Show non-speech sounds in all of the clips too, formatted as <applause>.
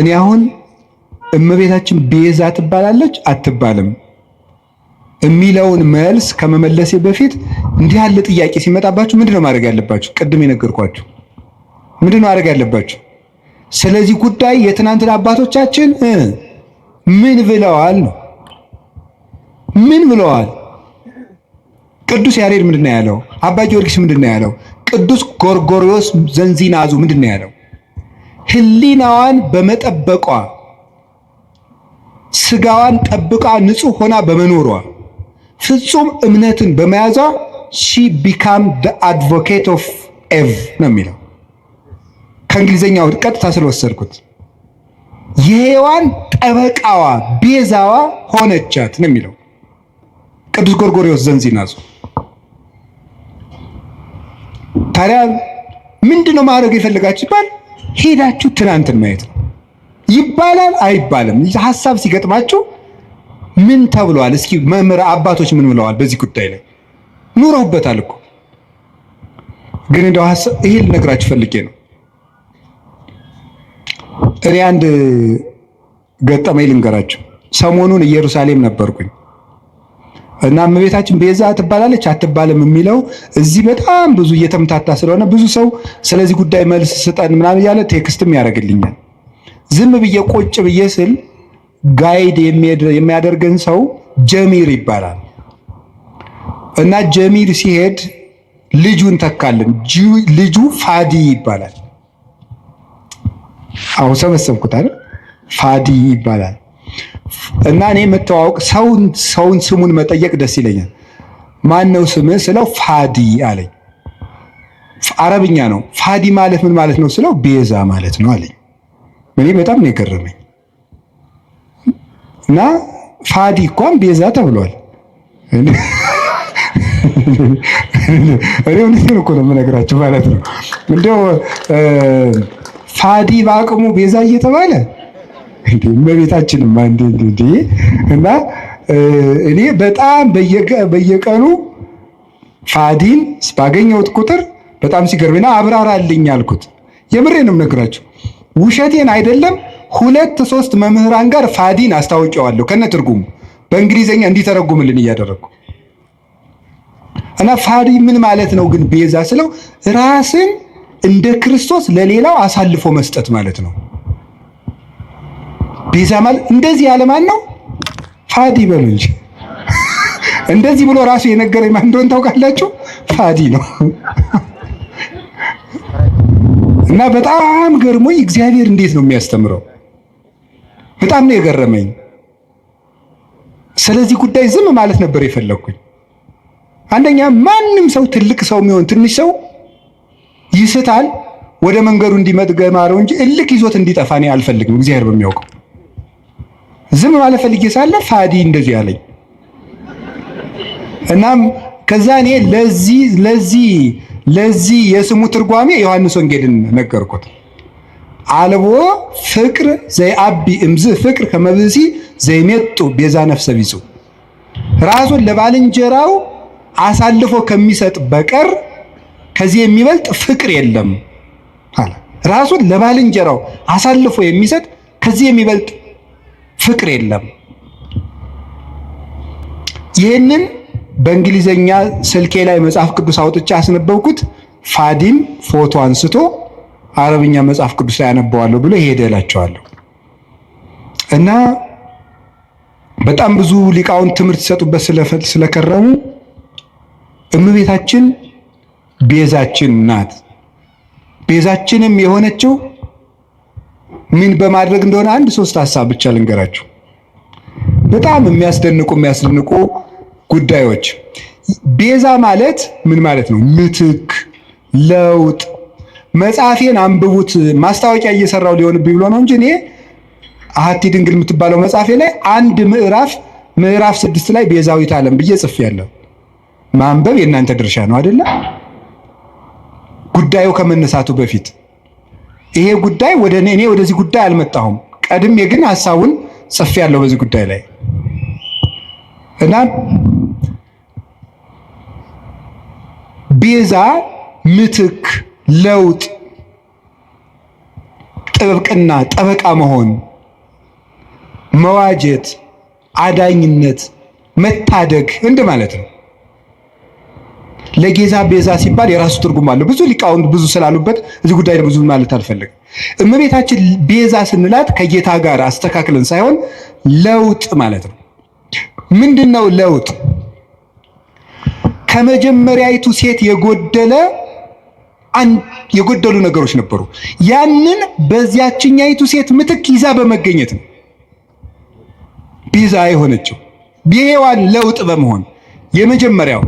እኔ አሁን እመቤታችን ቤዛ ትባላለች አትባልም የሚለውን መልስ ከመመለሴ በፊት እንዲህ ያለ ጥያቄ ሲመጣባችሁ ምንድን ነው ማድረግ ያለባችሁ? ቅድም የነገርኳችሁ ምንድን ማድረግ ያለባችሁ? ስለዚህ ጉዳይ የትናንትን አባቶቻችን ምን ብለዋል? ምን ብለዋል? ቅዱስ ያሬድ ምንድነው ያለው? አባ ጊዮርጊስ ምንድን ነው ያለው? ቅዱስ ጎርጎሪዎስ ዘንዚናዙ ምንድን ነው ያለው? ህሊናዋን በመጠበቋ ስጋዋን ጠብቃ ንጹህ ሆና በመኖሯ ፍጹም እምነትን በመያዟ ሺ ቢካም ደ አድቮኬት ኦፍ ኤቭ ነው የሚለው ከእንግሊዝኛው ቀጥታ ስለወሰድኩት የሔዋን ጠበቃዋ ቤዛዋ ሆነቻት ነው የሚለው ቅዱስ ጎርጎርዮስ ዘንዚናዙ። ታዲያ ምንድን ነው ማድረግ ይባል? ሄዳችሁ ትናንትን ማየት ነው። ይባላል አይባልም፣ ሀሳብ ሲገጥማችሁ ምን ተብለዋል? እስኪ መምህር አባቶች ምን ብለዋል? በዚህ ጉዳይ ላይ ኑረውበታል እኮ ግን እንደው ሀሳብ ይሄ ልነግራችሁ ፈልጌ ነው። እኔ አንድ ገጠመኝ ልንገራችሁ። ሰሞኑን ኢየሩሳሌም ነበርኩኝ። እና እመቤታችን ቤዛ ትባላለች አትባልም የሚለው እዚህ በጣም ብዙ እየተምታታ ስለሆነ ብዙ ሰው ስለዚህ ጉዳይ መልስ ስጠን ምናምን እያለ ቴክስትም ያደርግልኛል። ዝም ብዬ ቆጭ ብዬ ስል ጋይድ የሚያደርገን ሰው ጀሚር ይባላል እና ጀሚር ሲሄድ ልጁን ተካልን። ልጁ ፋዲ ይባላል። አሁን ሰበሰብኩት አይደል? ፋዲ ይባላል። እና እኔ የምተዋወቅ ሰውን ስሙን መጠየቅ ደስ ይለኛል። ማን ነው ስምህ ስለው ፋዲ አለኝ። አረብኛ ነው። ፋዲ ማለት ምን ማለት ነው ስለው ቤዛ ማለት ነው አለኝ። እኔ በጣም ነው የገረመኝ። እና ፋዲ እንኳን ቤዛ ተብሏል። እኔ እውነቴን እኮ ነው የምነግራችሁ ማለት ነው። እንደው ፋዲ በአቅሙ ቤዛ እየተባለ እመቤታችንም አንድ እና እኔ በጣም በየቀኑ ፋዲን ባገኘሁት ቁጥር በጣም ሲገርምና አብራራልኝ አልኩት። የምሬንም ነግራችሁ ውሸቴን አይደለም። ሁለት ሶስት መምህራን ጋር ፋዲን አስታውቂዋለሁ ከነ ትርጉሙ በእንግሊዝኛ እንዲተረጉምልን እያደረግኩ እና ፋዲ ምን ማለት ነው ግን ቤዛ ስለው ራስን እንደ ክርስቶስ ለሌላው አሳልፎ መስጠት ማለት ነው። ማለት እንደዚህ ያለ ማን ነው? ፋዲ በሉ እንጂ እንደዚህ ብሎ ራሱ የነገረኝ ማን እንደሆነ ታውቃላችሁ? ፋዲ ነው። እና በጣም ገርሞኝ እግዚአብሔር እንዴት ነው የሚያስተምረው? በጣም ነው የገረመኝ። ስለዚህ ጉዳይ ዝም ማለት ነበር የፈለግኩኝ። አንደኛ ማንም ሰው ትልቅ ሰው የሚሆን ትንሽ ሰው ይስታል። ወደ መንገዱ እንዲመጥ ገማረው እንጂ እልክ ይዞት እንዲጠፋ እኔ አልፈልግም። እግዚአብሔር በሚያውቀው ዝም ማለት ፈልጌ ሳለ ፋዲ እንደዚህ ያለኝ። እናም ከዛ እኔ ለዚህ ለዚህ ለዚህ የስሙ ትርጓሜ ዮሐንስ ወንጌልን ነገርኩት። አልቦ ፍቅር ዘይ አቢ እምዝ ፍቅር ከመብዚ ዘይሜጡ ቤዛ ነፍሰ ቢጹ ራሱን ለባልንጀራው አሳልፎ ከሚሰጥ በቀር ከዚህ የሚበልጥ ፍቅር የለም አለ። ራሱን ለባልንጀራው አሳልፎ የሚሰጥ ከዚህ የሚበልጥ ፍቅር የለም። ይህንን በእንግሊዘኛ ስልኬ ላይ መጽሐፍ ቅዱስ አውጥቼ አስነበብኩት። ፋዲም ፎቶ አንስቶ አረብኛ መጽሐፍ ቅዱስ ላይ አነበዋለሁ ብሎ ይሄድ እላቸዋለሁ። እና በጣም ብዙ ሊቃውንት ትምህርት ሲሰጡበት ስለከረሙ እመቤታችን ቤዛችን ናት። ቤዛችንም የሆነችው ምን በማድረግ እንደሆነ አንድ ሶስት ሀሳብ ብቻ ልንገራችሁ። በጣም የሚያስደንቁ የሚያስደንቁ ጉዳዮች ቤዛ ማለት ምን ማለት ነው? ምትክ፣ ለውጥ። መጽሐፌን አንብቡት። ማስታወቂያ እየሰራው ሊሆንብኝ ብሎ ነው እንጂ እኔ አሐቲ ድንግል የምትባለው መጽሐፌ ላይ አንድ ምዕራፍ ምዕራፍ ስድስት ላይ ቤዛዊት ዓለም ብዬ ጽፌያለሁ። ማንበብ የእናንተ ድርሻ ነው አይደለ? ጉዳዩ ከመነሳቱ በፊት ይሄ ጉዳይ ወደ እኔ ወደዚህ ጉዳይ አልመጣሁም። ቀድሜ ግን ሀሳቡን ጽፌ ያለው በዚህ ጉዳይ ላይ እና ቤዛ፣ ምትክ፣ ለውጥ፣ ጥብቅና፣ ጠበቃ መሆን፣ መዋጀት፣ አዳኝነት፣ መታደግ እንደ ማለት ነው። ለጌዛ ቤዛ ሲባል የራሱ ትርጉም አለው። ብዙ ሊቃውንት ብዙ ስላሉበት እዚህ ጉዳይ ብዙ ማለት አልፈልግም። እመቤታችን ቤዛ ስንላት ከጌታ ጋር አስተካክለን ሳይሆን ለውጥ ማለት ነው። ምንድን ነው ለውጥ? ከመጀመሪያይቱ ሴት የጎደለ የጎደሉ ነገሮች ነበሩ። ያንን በዚያችኛይቱ ሴት ምትክ ይዛ በመገኘት ነው ቤዛ የሆነችው፣ ለውጥ በመሆን የመጀመሪያው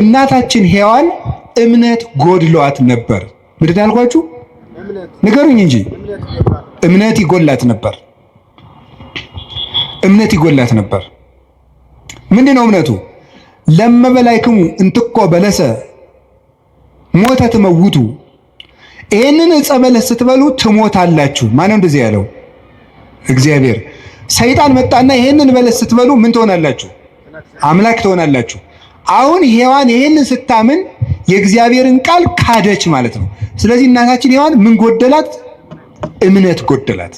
እናታችን ሔዋን እምነት ጎድሏት ነበር። ምንድን ያልኳችሁ ንገሩኝ እንጂ እምነት ይጎላት ነበር። እምነት ይጎላት ነበር። ምንድን ነው እምነቱ? ለመበላይክሙ እንትኮ በለሰ ሞተ ትመውቱ፣ ይህንን ዕፀ በለስ ስትበሉ ትሞታላችሁ። ማነው እንደዚህ ያለው? እግዚአብሔር። ሰይጣን መጣና ይህንን በለስ ስትበሉ ምን ትሆናላችሁ? አምላክ ትሆናላችሁ። አሁን ሔዋን ይሄንን ስታምን የእግዚአብሔርን ቃል ካደች ማለት ነው። ስለዚህ እናታችን ሔዋን ምን ጎደላት? እምነት ጎደላት።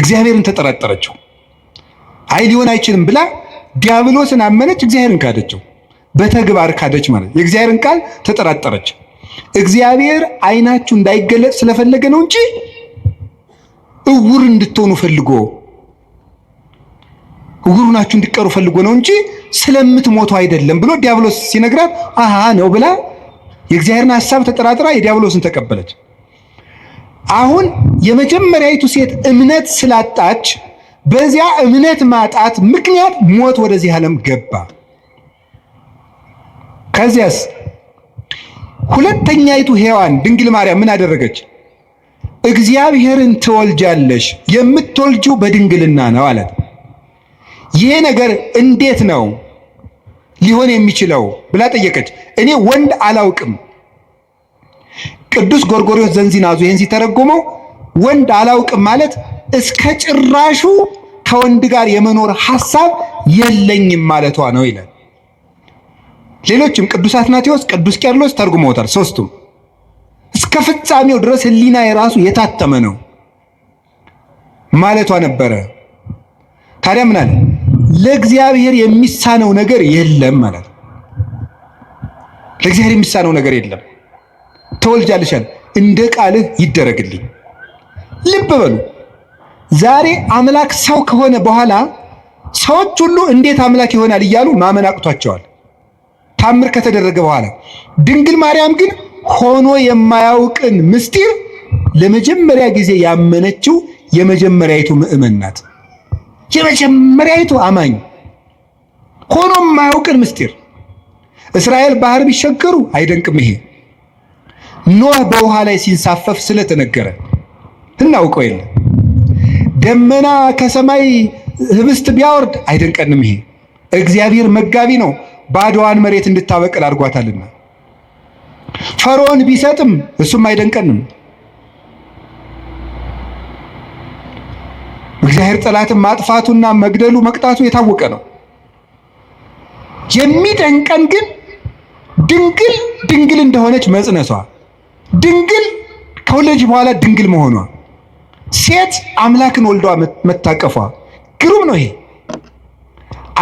እግዚአብሔርን ተጠራጠረችው። አይ ሊሆን አይችልም ብላ ዲያብሎስን አመነች፣ እግዚአብሔርን ካደችው። በተግባር ካደች ማለት የእግዚአብሔርን ቃል ተጠራጠረች። እግዚአብሔር ዓይናችሁ እንዳይገለጥ ስለፈለገ ነው እንጂ እውር እንድትሆኑ ፈልጎ እውር እንድቀሩ እንዲቀሩ ፈልጎ ነው እንጂ ስለምትሞቱ አይደለም ብሎ ዲያብሎስ ሲነግራት አሃ ነው ብላ የእግዚአብሔርን ሐሳብ ተጠራጥራ የዲያብሎስን ተቀበለች። አሁን የመጀመሪያይቱ ሴት እምነት ስላጣች በዚያ እምነት ማጣት ምክንያት ሞት ወደዚህ ዓለም ገባ። ከዚያስ ሁለተኛይቱ ሔዋን ድንግል ማርያም ምን አደረገች? እግዚአብሔርን ትወልጃለሽ፣ የምትወልጂው በድንግልና ነው አላት። ይሄ ነገር እንዴት ነው ሊሆን የሚችለው ብላ ጠየቀች። እኔ ወንድ አላውቅም። ቅዱስ ጎርጎሪዎስ ዘንዚናዙ ይህን ሲተረጎመው ወንድ አላውቅም ማለት እስከ ጭራሹ ከወንድ ጋር የመኖር ሐሳብ የለኝም ማለቷ ነው ይላል። ሌሎችም ቅዱስ አትናቴዎስ፣ ቅዱስ ቄርሎስ ተርጉመውታል። ሶስቱም እስከ ፍጻሜው ድረስ ህሊና የራሱ የታተመ ነው ማለቷ ነበረ። ታዲያ ምን አለ? ለእግዚአብሔር የሚሳነው ነገር የለም ማለት ነው። ለእግዚአብሔር የሚሳነው ነገር የለም። ተወልጃልሻል፣ እንደ ቃልህ ይደረግልኝ። ልብ በሉ። ዛሬ አምላክ ሰው ከሆነ በኋላ ሰዎች ሁሉ እንዴት አምላክ ይሆናል እያሉ ማመን አቅቷቸዋል። ታምር ከተደረገ በኋላ ድንግል ማርያም ግን ሆኖ የማያውቅን ምስጢር ለመጀመሪያ ጊዜ ያመነችው የመጀመሪያይቱ ምዕመን ናት። የመጀመሪያይቱ አማኝ ሆኖም ማያውቅን ምስጢር እስራኤል ባህር ቢሸገሩ አይደንቅም። ይሄ ኖህ በውሃ ላይ ሲንሳፈፍ ስለተነገረ እናውቀው የለ። ደመና ከሰማይ ህብስት ቢያወርድ አይደንቀንም። ይሄ እግዚአብሔር መጋቢ ነው፣ ባዶዋን መሬት እንድታበቅል አድርጓታልና። ፈርዖን ቢሰጥም እሱም አይደንቀንም። እግዚአብሔር ጠላትን ማጥፋቱና መግደሉ መቅጣቱ የታወቀ ነው። የሚደንቀን ግን ድንግል ድንግል እንደሆነች መጽነቷ፣ ድንግል ከወለደች በኋላ ድንግል መሆኗ፣ ሴት አምላክን ወልዷ መታቀፏ ግሩም ነው። ይሄ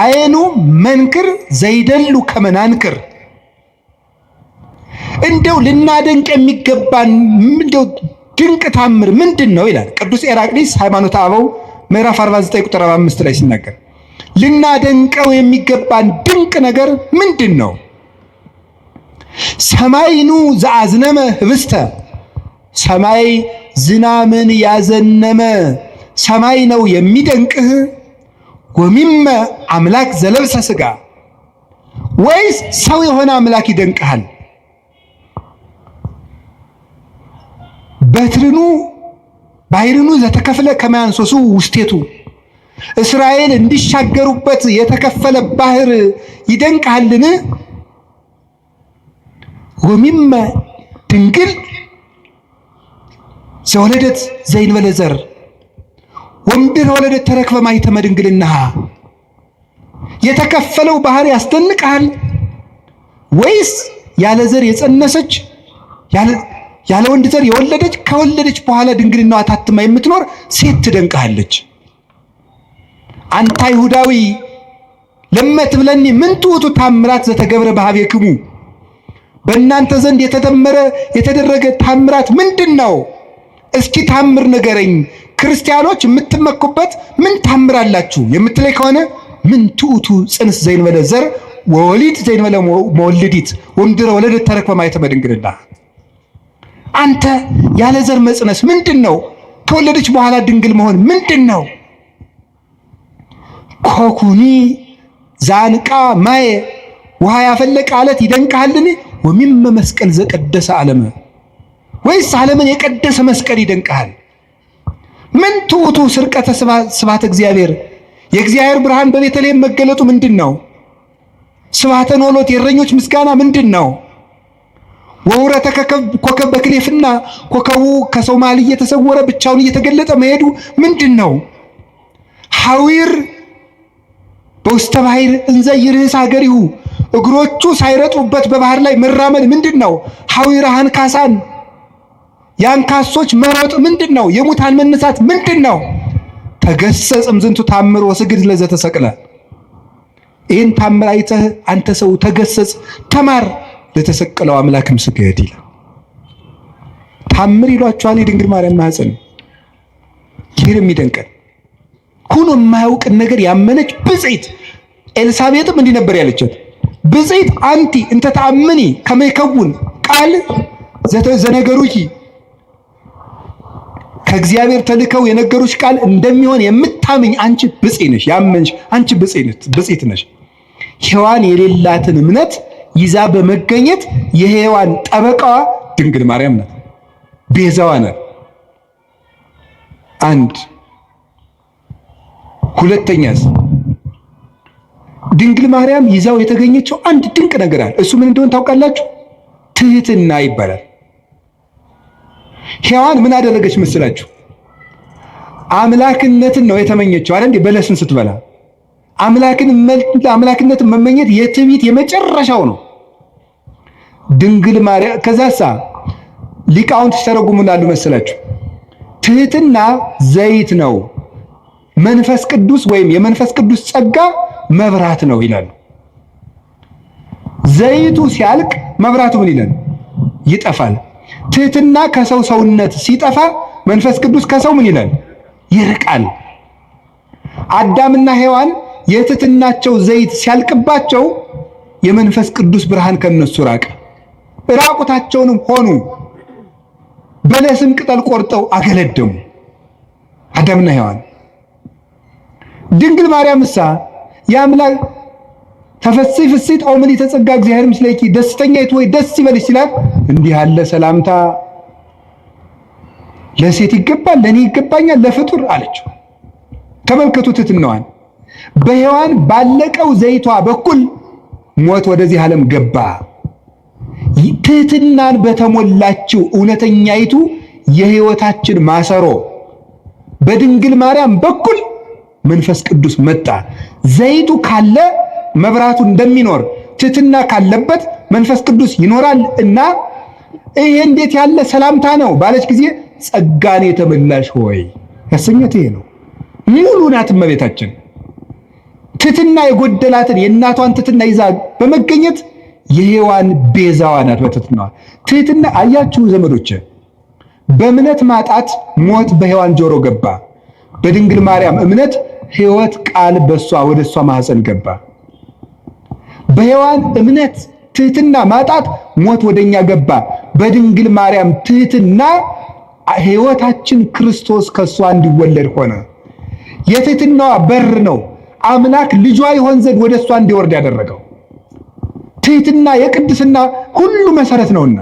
አይኑ መንክር ዘይደሉ ከመናንክር እንደው ልናደንቅ የሚገባን እንደው ድንቅ ታምር ምንድን ነው ይላል ቅዱስ ኤራቅሊስ ሃይማኖተ አበው ምዕራፍ 49 ቁጥር 5 ላይ ሲናገር ልናደንቀው የሚገባን ድንቅ ነገር ምንድን ነው? ሰማይኑ ዘአዝነመ ህብስተ ሰማይ ዝናምን ያዘነመ ሰማይ ነው የሚደንቅህ። ወሚመ አምላክ ዘለብሰ ስጋ ወይስ ሰው የሆነ አምላክ ይደንቅሃል? በትርኑ ባሕሩኑ ዘተከፍለ ከማያንሶሱ ውስቴቱ እስራኤል እንዲሻገሩበት የተከፈለ ባህር ይደንቅሃልን? ወሚመ ድንግል ዘወለደት ዘእንበለ ዘር ወንድር ወለደት ተረክበ ማኅተመ ድንግልናሃ። የተከፈለው ባህር ያስደንቅሃል ወይስ ያለ ዘር የጸነሰች ያለ ወንድ ዘር የወለደች ከወለደች በኋላ ድንግልናዋ ታትማ የምትኖር ሴት ትደንቅሃለች። አንታ ይሁዳዊ ለመትብለኒ ምን ትውቱ ታምራት ዘተገብረ በኀቤክሙ፣ በእናንተ ዘንድ የተተመረ የተደረገ ታምራት ምንድን ነው? እስኪ ታምር ንገረኝ። ክርስቲያኖች የምትመኩበት ምን ታምራላችሁ የምትለይ ከሆነ ምን ትውቱ ጽንስ ዘይንበለ ዘር ወወሊድ ዘይንበለ መወልዲት ወንድረ ወለደ ተረክበ ማኅተመ ድንግልና አንተ ያለ ዘር መጽነስ ምንድን ነው? ከወለደች በኋላ ድንግል መሆን ምንድን ነው? ኮኩኒ ዛንቃ ማየ ውሃ ያፈለቀ አለት ይደንቅሃልን? ወሚመ መስቀል ዘቀደሰ ዓለም ወይስ ዓለምን የቀደሰ መስቀል ይደንቃል? ምን ትውቱ ስርቀተ ስባተ እግዚአብሔር የእግዚአብሔር ብርሃን በቤተልሔም መገለጡ ምንድን ነው? ኖሎት የእረኞች ምስጋና ምንድን ነው? ወውረተ ኮከብ በክሌፍና ኮከቡ ከሶማሊ እየተሰወረ ብቻውን እየተገለጠ መሄዱ ምንድን ነው? ሐዊር በውስተ ባሕር እንዘ ይርህስ አገሪሁ እግሮቹ ሳይረጡበት በባህር ላይ መራመድ ምንድን ነው? አንካሳን ካሳን የአንካሶች መሮጥ ምንድን ነው? የሙታን መነሳት ምንድን ነው? ተገሰጽም ዝንቱ ታምር ወስግድ ለዘተሰቅለ። ይህን ታምር አይተህ አንተ ሰው ተገሰጽ፣ ተማር። ለተሰቀለው አምላክም ስገድ ይላል። ታምር ይሏቸዋል የድንግል ማርያም ማህፀን። ይህን የሚደንቀን ሁኖ የማያውቅን ነገር ያመነች ብጽት ኤልሳቤጥም እንዲህ ነበር ያለቻት፣ ብፅዕት አንቲ እንተ ተአምኒ ከመ ቃል ዘነገሩኪ ከእግዚአብሔር ተልከው የነገሩሽ ቃል እንደሚሆን የምታምኝ አንቺ ብፅዕት ነሽ። ያመንሽ አንቺ ብፅዕት ነሽ። ሔዋን የሌላትን እምነት ይዛ በመገኘት የሔዋን ጠበቃዋ ድንግል ማርያም ናት፣ ቤዛዋ ናት። አንድ ሁለተኛስ ድንግል ማርያም ይዛው የተገኘችው አንድ ድንቅ ነገር አለ። እሱ ምን እንደሆነ ታውቃላችሁ? ትህትና ይባላል። ሔዋን ምን አደረገች መስላችሁ? አምላክነትን ነው የተመኘችው አይደል? በለስን ስትበላ አምላክን አምላክነትን መመኘት የትዕቢት የመጨረሻው ነው። ድንግል ማርያም። ከዛሳ ሊቃውንት ሲተረጉሙናሉ መሰላችሁ ትህትና ዘይት ነው፣ መንፈስ ቅዱስ ወይም የመንፈስ ቅዱስ ጸጋ መብራት ነው ይላሉ። ዘይቱ ሲያልቅ መብራቱ ምን ይላል? ይጠፋል። ትህትና ከሰው ሰውነት ሲጠፋ መንፈስ ቅዱስ ከሰው ምን ይላል? ይርቃል። አዳምና ሔዋን የትህትናቸው ዘይት ሲያልቅባቸው የመንፈስ ቅዱስ ብርሃን ከነሱ ራቀ። ራቁታቸውንም ሆኑ፣ በለስም ቅጠል ቆርጠው አገለደሙ አዳምና ሔዋን። ድንግል ማርያም እሳ የአምላክ ተፈሥሒ ፍሥሕት ኦ ተጸጋ እግዚአብሔር ምስሌኪ ደስተኛይቱ ወይ ደስ ይበልሽ ሲላት እንዲህ ያለ ሰላምታ ለሴት ይገባል፣ ለእኔ ይገባኛል፣ ለፍጡር አለችው። ተመልከቱ ትሕትናዋን። በሔዋን ባለቀው ዘይቷ በኩል ሞት ወደዚህ ዓለም ገባ። ትህትናን በተሞላችው እውነተኛይቱ የህይወታችን ማሰሮ በድንግል ማርያም በኩል መንፈስ ቅዱስ መጣ። ዘይቱ ካለ መብራቱ እንደሚኖር ትህትና ካለበት መንፈስ ቅዱስ ይኖራል እና ይሄ እንዴት ያለ ሰላምታ ነው ባለች ጊዜ ጸጋን የተመላሽ ሆይ ያሰኘት ይሄ ነው። ሙሉ ናት እመቤታችን ትህትና የጎደላትን የእናቷን ትህትና ይዛ በመገኘት የሔዋን ቤዛዋ ናት በትህትና። ትህትና አያችሁ ዘመዶች፣ በእምነት ማጣት ሞት በሔዋን ጆሮ ገባ። በድንግል ማርያም እምነት ህይወት ቃል በእሷ ወደ እሷ ማህፀን ገባ። በሔዋን እምነት ትህትና ማጣት ሞት ወደኛ ገባ። በድንግል ማርያም ትህትና ህይወታችን ክርስቶስ ከእሷ እንዲወለድ ሆነ። የትህትናዋ በር ነው አምላክ ልጇ ይሆን ዘንድ ወደ እሷ እንዲወርድ ያደረገው። የትህትና የቅድስና ሁሉ መሰረት ነውና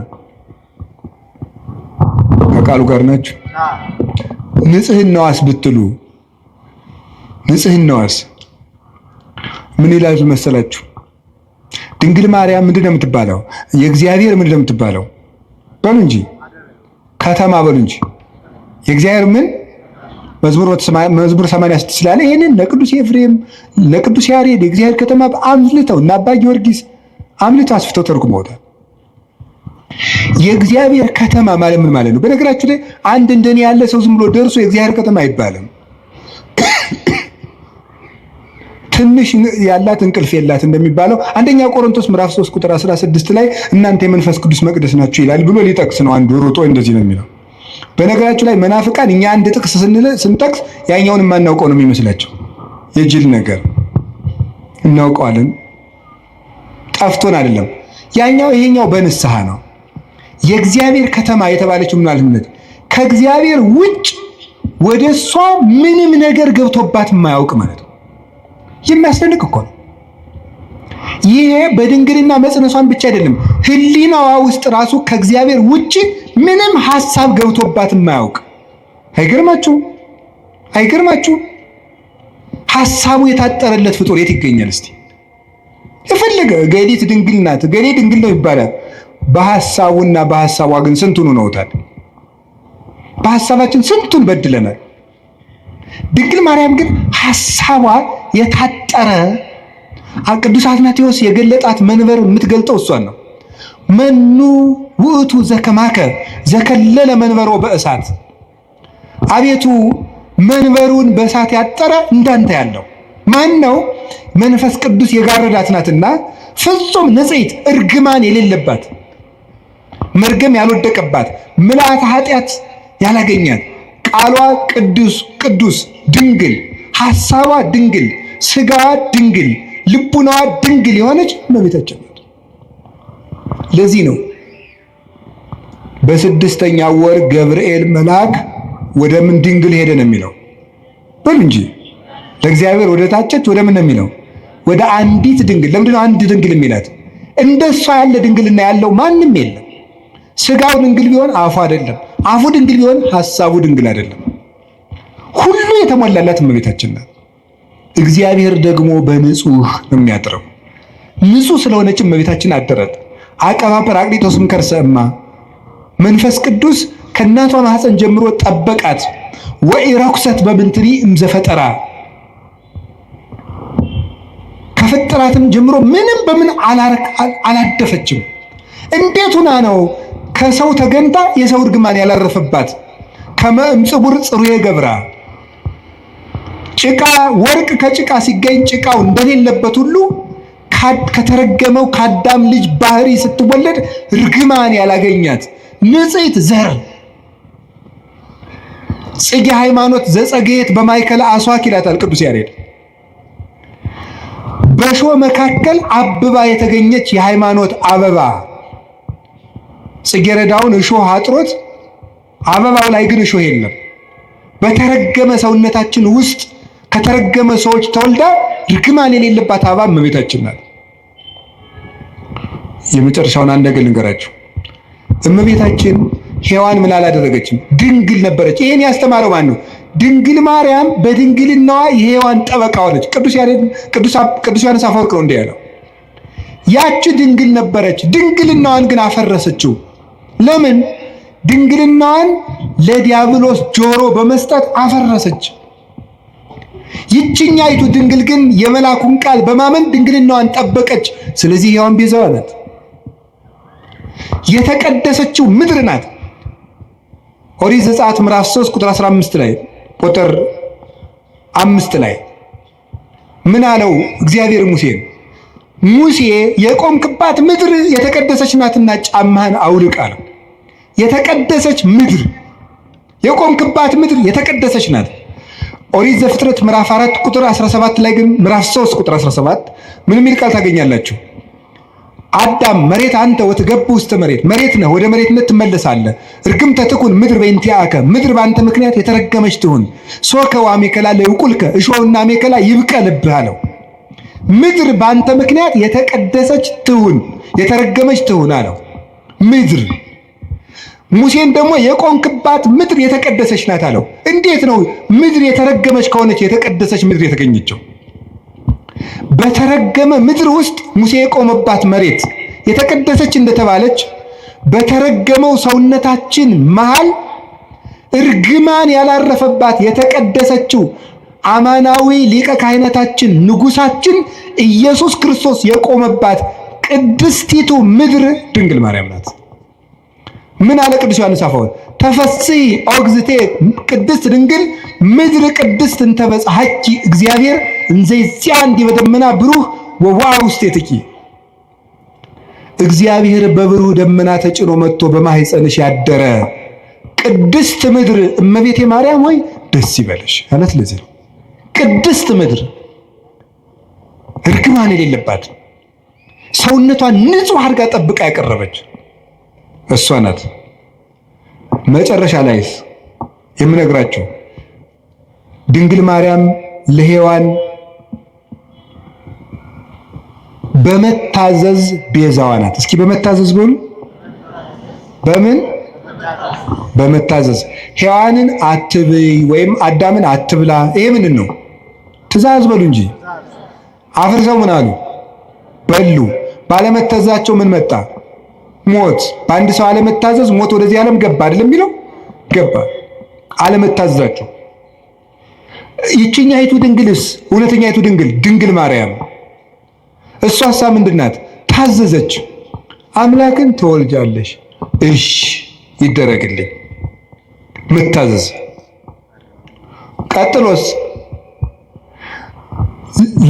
ከቃሉ ጋር ናችሁ። ንጽህናዋስ ብትሉ ንጽህናዋስ ምን ይላል መሰላችሁ? ድንግል ማርያም ምንድን ነው የምትባለው? የእግዚአብሔር ምንድን ነው የምትባለው? በሉ እንጂ ከተማ በሉ እንጂ የእግዚአብሔር ምን መዝሙር 86 ስላለ ይህንን ለቅዱስ ኤፍሬም ለቅዱስ ያሬድ የእግዚአብሔር ከተማ አንልተው እና አባ ጊዮርጊስ አምልጦ አስፍቶ ተርጉሞታል። የእግዚአብሔር ከተማ ማለት ምን ማለት ነው? በነገራችሁ ላይ አንድ እንደኔ ያለ ሰው ዝም ብሎ ደርሶ የእግዚአብሔር ከተማ አይባልም። <coughs> ትንሽ ያላት እንቅልፍ የላት እንደሚባለው አንደኛ ቆሮንቶስ ምዕራፍ 3 ቁጥር 16 ላይ እናንተ የመንፈስ ቅዱስ መቅደስ ናችሁ ይላል ብሎ ሊጠቅስ ነው። አንዱ ሩጦ እንደዚህ ነው የሚለው። በነገራችሁ ላይ መናፍቃን እኛ አንድ ጥቅስ ስንጠቅስ ያኛውን የማናውቀው ነው የሚመስላቸው የጅል ነገር እናውቀዋለን። ጠፍቶን አይደለም። ያኛው ይሄኛው በንስሐ ነው። የእግዚአብሔር ከተማ የተባለችው ምን ከእግዚአብሔር ውጭ ወደ እሷ ምንም ነገር ገብቶባት የማያውቅ ማለት ነው። የሚያስደንቅ እኮ ነው። ይሄ በድንግልና መጽነሷን ብቻ አይደለም፣ ሕሊናዋ ውስጥ ራሱ ከእግዚአብሔር ውጭ ምንም ሀሳብ ገብቶባት የማያውቅ አይገርማችሁም? አይገርማችሁም? ሀሳቡ የታጠረለት ፍጡር የት ይገኛል እስቲ? የፈለገ ገዴት ድንግል ናት፣ ገዴ ድንግል ነው ይባላል። በሀሳቡና በሀሳቧ ግን ስንቱን ሆነውታል? በሀሳባችን ስንቱን በድለናል። ድንግል ማርያም ግን ሀሳቧ የታጠረ ቅዱስ አትናቴዎስ የገለጣት መንበር የምትገልጠው እሷን ነው። መኑ ውእቱ ዘከማከ ዘከለለ መንበሮ በእሳት አቤቱ መንበሩን በእሳት ያጠረ እንዳንተ ያለው ማን ነው? መንፈስ ቅዱስ የጋረዳት ናትና ፍጹም ንጽሕት እርግማን የሌለባት መርገም ያልወደቀባት ምልአተ ኃጢአት ያላገኛት ቃሏ ቅዱስ ቅዱስ ድንግል ሐሳቧ ድንግል ስጋዋ ድንግል ልቡናዋ ድንግል የሆነች እመቤታችን ናት። ለዚህ ነው በስድስተኛ ወር ገብርኤል መልአክ ወደ ምን ድንግል ሄደ ነው የሚለው። በሉ እንጂ ለእግዚአብሔር ወደ ታጨች ወደ ምን ነው የሚለው? ወደ አንዲት ድንግል። ነው አንድ ድንግል የሚላት? እንደሷ ያለ ድንግልና ያለው ማንም የለም። ስጋው ድንግል ቢሆን አፉ አይደለም፣ አፉ ድንግል ቢሆን ሀሳቡ ድንግል አይደለም። ሁሉ የተሞላላት እመቤታችን ናት። እግዚአብሔር ደግሞ በንጹህ ነው የሚያጥረው ንጹህ ስለሆነች እመቤታችን አደረት። አቀባ ጰራቅሊጦስም ከርሰማ መንፈስ ቅዱስ ከእናቷ ማህፀን ጀምሮ ጠበቃት። ረኩሰት በምንትሪ እምዘፈጠራ ከጥራትም ጀምሮ ምንም በምን አላደፈችም። እንዴት ሁና ነው ከሰው ተገንታ የሰው እርግማን ያላረፈባት? ከመእም ጽቡር ገብራ ጭቃ ወርቅ ከጭቃ ሲገኝ ጭቃው እንደሌለበት ሁሉ ከተረገመው ከአዳም ልጅ ባህሪ ስትወለድ እርግማን ያላገኛት ንጽሕት ዘር ጽጌ ሃይማኖት ዘጸገየት በማይከለ አሷክ ይላታል ቅዱስ ያሬድ። በእሾህ መካከል አብባ የተገኘች የሃይማኖት አበባ። ጽጌረዳውን እሾህ አጥሮት አበባው ላይ ግን እሾህ የለም። በተረገመ ሰውነታችን ውስጥ ከተረገመ ሰዎች ተወልዳ ርግማን የሌለባት አበባ እመቤታችን ናት። የመጨረሻውን አንድ ነገር ልንገራችሁ። እመቤታችን ሔዋን ምን አላደረገችም? ድንግል ነበረች። ይሄን ያስተማረው ማን ነው? ድንግል ማርያም በድንግልናዋ የሔዋን ጠበቃ ሆነች። ቅዱስ ዮሐንስ አፈወርቅ ነው እንዲህ ያለው። ያቺ ድንግል ነበረች፣ ድንግልናዋን ግን አፈረሰችው። ለምን? ድንግልናዋን ለዲያብሎስ ጆሮ በመስጠት አፈረሰች። ይችኛይቱ ድንግል ግን የመላኩን ቃል በማመን ድንግልናዋን ጠበቀች። ስለዚህ ሔዋን ቤዛዋ ናት፣ የተቀደሰችው ምድር ናት። ኦሪት ዘጸአት ምዕራፍ 3 ቁጥር 15 ላይ ቁጥር አምስት ላይ ምን አለው እግዚአብሔር ሙሴን? ሙሴ የቆምክባት ምድር የተቀደሰች ናትና ጫማህን አውልቅ አለው። የተቀደሰች ምድር የቆምክባት ምድር የተቀደሰች ናት። ኦሪት ዘፍጥረት ምዕራፍ 4 ቁጥር 17 ላይ ግን ምዕራፍ 3 ቁጥር 17 ምን የሚል ቃል ታገኛላችሁ? አዳም መሬት አንተ ወትገብ ውስጥ መሬት መሬት ነህ፣ ወደ መሬት ትመለሳለህ። እርግም ትኩን ምድር በእንቲአከ ምድር በአንተ ምክንያት የተረገመች ትሁን። ሶከ ወአሜከላ ለይቁልከ እሾህና አሜከላ ይብቀልብህ አለው። ምድር በአንተ ምክንያት የተቀደሰች ትሁን፣ የተረገመች ትሁን አለው። ምድር ሙሴን ደግሞ የቆንክባት ምድር የተቀደሰች ናት አለው። እንዴት ነው ምድር የተረገመች ከሆነች የተቀደሰች ምድር የተገኘችው? በተረገመ ምድር ውስጥ ሙሴ የቆመባት መሬት የተቀደሰች እንደተባለች በተረገመው ሰውነታችን መሃል እርግማን ያላረፈባት የተቀደሰችው አማናዊ ሊቀ ካህናታችን ንጉሳችን ኢየሱስ ክርስቶስ የቆመባት ቅድስቲቱ ምድር ድንግል ማርያም ናት። ምን አለ ቅዱስ ዮሐንስ አፈወርቅ? ተፈሲ ኦግዝቴ ቅድስት ድንግል ምድር ቅድስት እንተ በጽሐኪ እግዚአብሔር እንዘይዚያ እንዲ በደመና ብሩህ ወዋው ውስጥ የትቂ እግዚአብሔር በብሩህ ደመና ተጭኖ መጥቶ በማህፀንሽ ያደረ ቅድስት ምድር እመቤቴ ማርያም ወይ ደስ ይበልሽ አለት። ለዚህ ነው ቅድስት ምድር እርግማን የሌለባት ሰውነቷን ንጹሕ አድርጋ ጠብቃ ያቀረበች እሷ ናት። መጨረሻ ላይስ የምነግራችሁ ድንግል ማርያም ለሔዋን በመታዘዝ ቤዛዋ ናት። እስኪ በመታዘዝ በሉ። በምን በመታዘዝ ሔዋንን አትብይ ወይም አዳምን አትብላ። ይሄ ምንድን ነው? ትእዛዝ በሉ እንጂ አፍርሰው ምን አሉ? በሉ። ባለመታዘዛቸው ምን መጣ? ሞት በአንድ ሰው አለመታዘዝ ሞት ወደዚህ ዓለም ገባ አይደለም የሚለው ገባ አለመታዘዛቸው ይችኛ ሂቱ ድንግልስ እውነተኛ ድንግል ድንግል ማርያም እሷ ሀሳብ ምንድናት ታዘዘች አምላክን ትወልጃለሽ እሽ ይደረግልኝ መታዘዝ ቀጥሎስ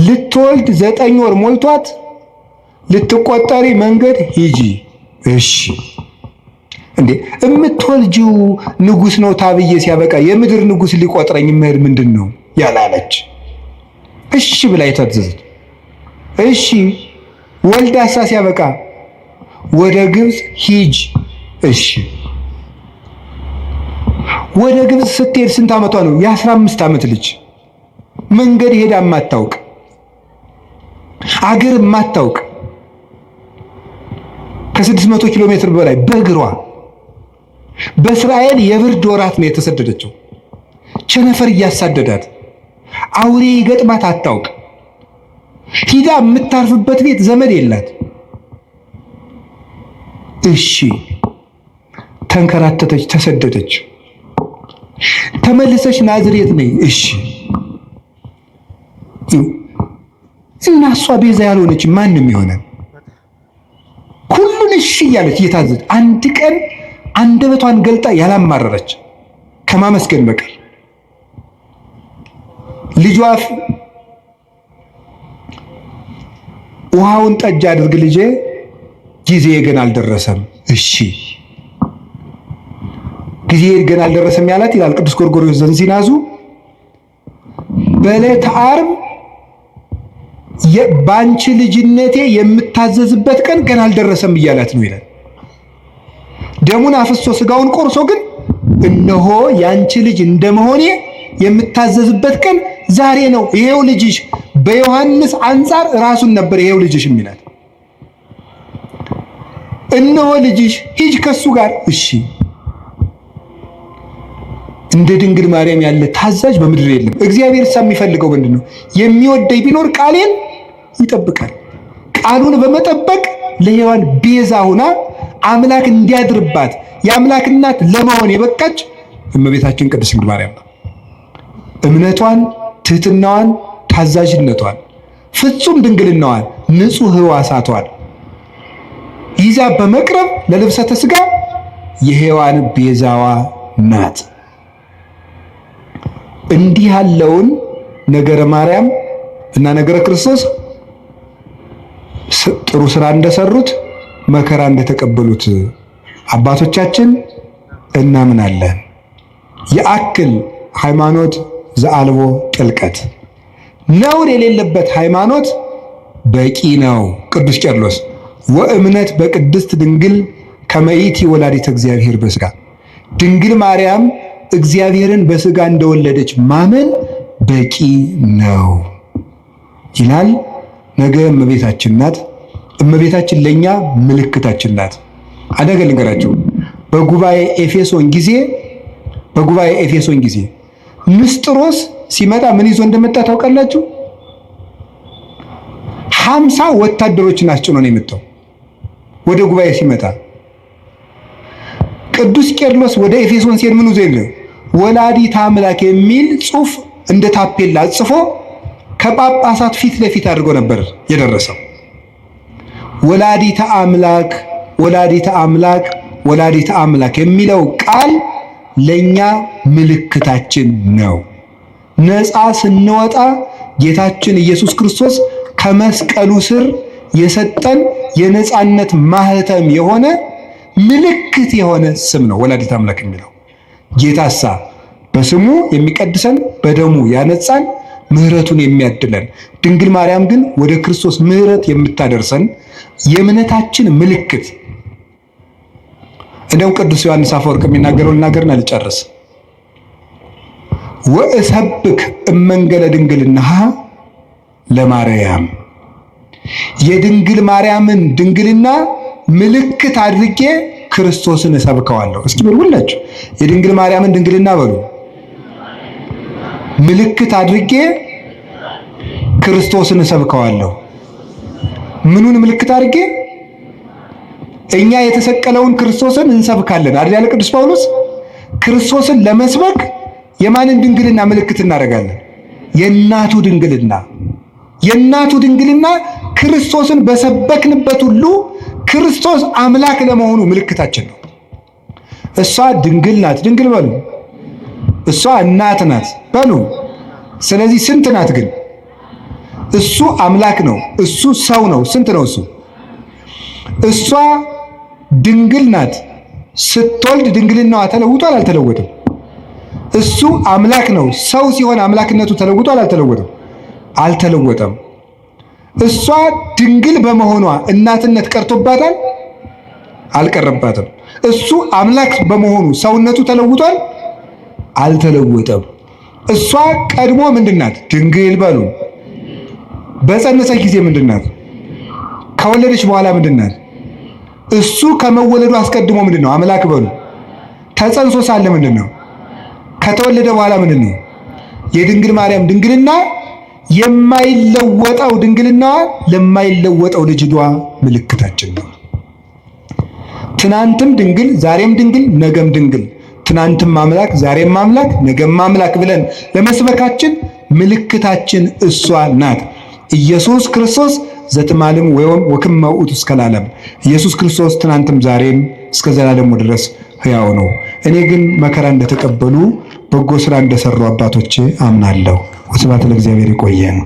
ልትወልድ ዘጠኝ ወር ሞልቷት ልትቆጠሪ መንገድ ሂጂ እሺ እንዴ እምትወልጂው ንጉስ ነው ታብዬ ሲያበቃ የምድር ንጉስ ሊቆጥረኝ መሄድ ምንድን ነው ያላለች። እሺ ብላ የታዘዘች እሺ። ወልዳሳ ሲያበቃ ወደ ግብፅ ሂጅ። እሺ ወደ ግብፅ ስትሄድ ስንት ዓመቷ ነው? የአስራ አምስት ዓመት ልጅ መንገድ ሄዳ ማታውቅ አገር ማታውቅ ከ600 ኪሎ ሜትር በላይ በእግሯ በእስራኤል የብርድ ወራት ነው የተሰደደችው። ቸነፈር እያሳደዳት አውሬ ይገጥማት አታውቅ። ሂዳ የምታርፍበት ቤት ዘመድ የላት። እሺ ተንከራተተች፣ ተሰደደች። ተመልሰች ናዝሬት ነኝ። እሺ እና እሷ ቤዛ ያልሆነች ማንም ይሆናል። ሁሉን እሺ እያለች እየታዘች አንድ ቀን አንደበቷን ገልጣ ያላማረረች ከማመስገን በቀር ልጇ ውሃውን ጠጅ አድርግ ልጄ፣ ጊዜ ግን አልደረሰም። እሺ ጊዜ ግን አልደረሰም ያላት ይላል ቅዱስ ጎርጎርዮስ ዘንዚናዙ በዕለተ ዓርብ በአንቺ ልጅነቴ የምታዘዝበት ቀን ገና አልደረሰም እያላት ነው ይላል። ደሙን አፍሶ ስጋውን ቆርሶ ግን እነሆ የአንቺ ልጅ እንደመሆኔ የምታዘዝበት ቀን ዛሬ ነው፣ ይሄው ልጅሽ። በዮሐንስ አንጻር ራሱን ነበር ይሄው ልጅሽ የሚላት። እነሆ ልጅሽ፣ ሂጅ ከሱ ጋር እሺ እንደ ድንግል ማርያም ያለ ታዛዥ በምድር የለም። እግዚአብሔር እሳ የሚፈልገው ምንድን ነው? የሚወደኝ ቢኖር ቃሌን ይጠብቃል። ቃሉን በመጠበቅ ለሔዋን ቤዛ ሆና አምላክ እንዲያድርባት የአምላክ እናት ለመሆን የበቃች እመቤታችን ቅድስት ድንግል ማርያም ነው። እምነቷን፣ ትህትናዋን፣ ታዛዥነቷን፣ ፍጹም ድንግልናዋን፣ ንጹሕ ሕዋሳቷን ይዛ በመቅረብ ለልብሰተ ስጋ የሔዋን ቤዛዋ ናት። እንዲህ ያለውን ነገረ ማርያም እና ነገረ ክርስቶስ ጥሩ ስራ እንደሰሩት መከራ እንደተቀበሉት አባቶቻችን እናምናለን። የአክል ሃይማኖት ዘአልቦ ጥልቀት ነውር የሌለበት ሃይማኖት በቂ ነው። ቅዱስ ቄርሎስ ወእምነት በቅድስት ድንግል ከመይት ወላዲተ እግዚአብሔር በስጋ ድንግል ማርያም እግዚአብሔርን በስጋ እንደወለደች ማመን በቂ ነው ይላል። ነገ እመቤታችን ናት። እመቤታችን ለእኛ ምልክታችን ናት። አደገ ልንገራቸው በጉባኤ ኤፌሶን ጊዜ በጉባኤ ኤፌሶን ጊዜ ንስጥሮስ ሲመጣ ምን ይዞ እንደመጣ ታውቃላችሁ? ሀምሳ ወታደሮችን አስጭኖ ነው የመጣው ወደ ጉባኤ ሲመጣ። ቅዱስ ቄርሎስ ወደ ኤፌሶን ሲሄድ ምን ይዞ የለም ወላዲተ አምላክ የሚል ጽሑፍ እንደ ታፔላ ጽፎ ከጳጳሳት ፊት ለፊት አድርጎ ነበር የደረሰው። ወላዲተ አምላክ ወላዲተ አምላክ ወላዲተ አምላክ የሚለው ቃል ለኛ ምልክታችን ነው። ነፃ ስንወጣ ጌታችን ኢየሱስ ክርስቶስ ከመስቀሉ ስር የሰጠን የነፃነት ማህተም የሆነ ምልክት የሆነ ስም ነው ወላዲተ አምላክ የሚለው። ጌታሳ በስሙ የሚቀድሰን በደሙ ያነጻን ምሕረቱን የሚያድለን ድንግል ማርያም ግን ወደ ክርስቶስ ምሕረት የምታደርሰን የእምነታችን ምልክት። እንደውም ቅዱስ ዮሐንስ አፈወርቅ የሚናገረውን ልናገርን አልጨርስ ወእሰብክ እመንገለ ድንግልናሃ ለማርያም የድንግል ማርያምን ድንግልና ምልክት አድርጌ ክርስቶስን እሰብከዋለሁ። እስኪ በሉ ሁላችሁ የድንግል ማርያምን ድንግልና በሉ ምልክት አድርጌ ክርስቶስን እሰብከዋለሁ። ምኑን ምልክት አድርጌ? እኛ የተሰቀለውን ክርስቶስን እንሰብካለን አይደል ያለ ቅዱስ ጳውሎስ። ክርስቶስን ለመስበክ የማንን ድንግልና ምልክት እናደርጋለን? የእናቱ ድንግልና የእናቱ ድንግልና ክርስቶስን በሰበክንበት ሁሉ ክርስቶስ አምላክ ለመሆኑ ምልክታችን ነው። እሷ ድንግል ናት። ድንግል በሉ። እሷ እናት ናት በሉ። ስለዚህ ስንት ናት ግን? እሱ አምላክ ነው። እሱ ሰው ነው። ስንት ነው እሱ? እሷ ድንግል ናት። ስትወልድ ድንግልናዋ ተለውጧል? አልተለወጠም? እሱ አምላክ ነው። ሰው ሲሆን አምላክነቱ ተለውጧል? አልተለወጠም? አልተለወጠም። እሷ ድንግል በመሆኗ እናትነት ቀርቶባታል? አልቀረባትም። እሱ አምላክ በመሆኑ ሰውነቱ ተለውጧል? አልተለወጠም። እሷ ቀድሞ ምንድናት? ድንግል በሉ። በጸነሰች ጊዜ ምንድናት? ከወለደች በኋላ ምንድናት? እሱ ከመወለዱ አስቀድሞ ምንድን ነው? አምላክ በሉ። ተጸንሶ ሳለ ምንድን ነው? ከተወለደ በኋላ ምንድን ነው? የድንግል ማርያም ድንግልና የማይለወጠው ድንግልና ለማይለወጠው ልጅ ዷ ምልክታችን ነው። ትናንትም ድንግል ዛሬም ድንግል ነገም ድንግል፣ ትናንትም ማምላክ፣ ዛሬም ማምላክ፣ ነገም ማምላክ ብለን ለመስበካችን ምልክታችን እሷ ናት። ኢየሱስ ክርስቶስ ዘትማልም ወይም ወክመ ውእቱ እስከ ለዓለም። ኢየሱስ ክርስቶስ ትናንትም ዛሬም እስከ ዘላለሙ ድረስ ሕያው ነው። እኔ ግን መከራ እንደተቀበሉ በጎ ስራ እንደሰሩ አባቶቼ አምናለሁ። ወስብሐት ለእግዚአብሔር። ይቆየን።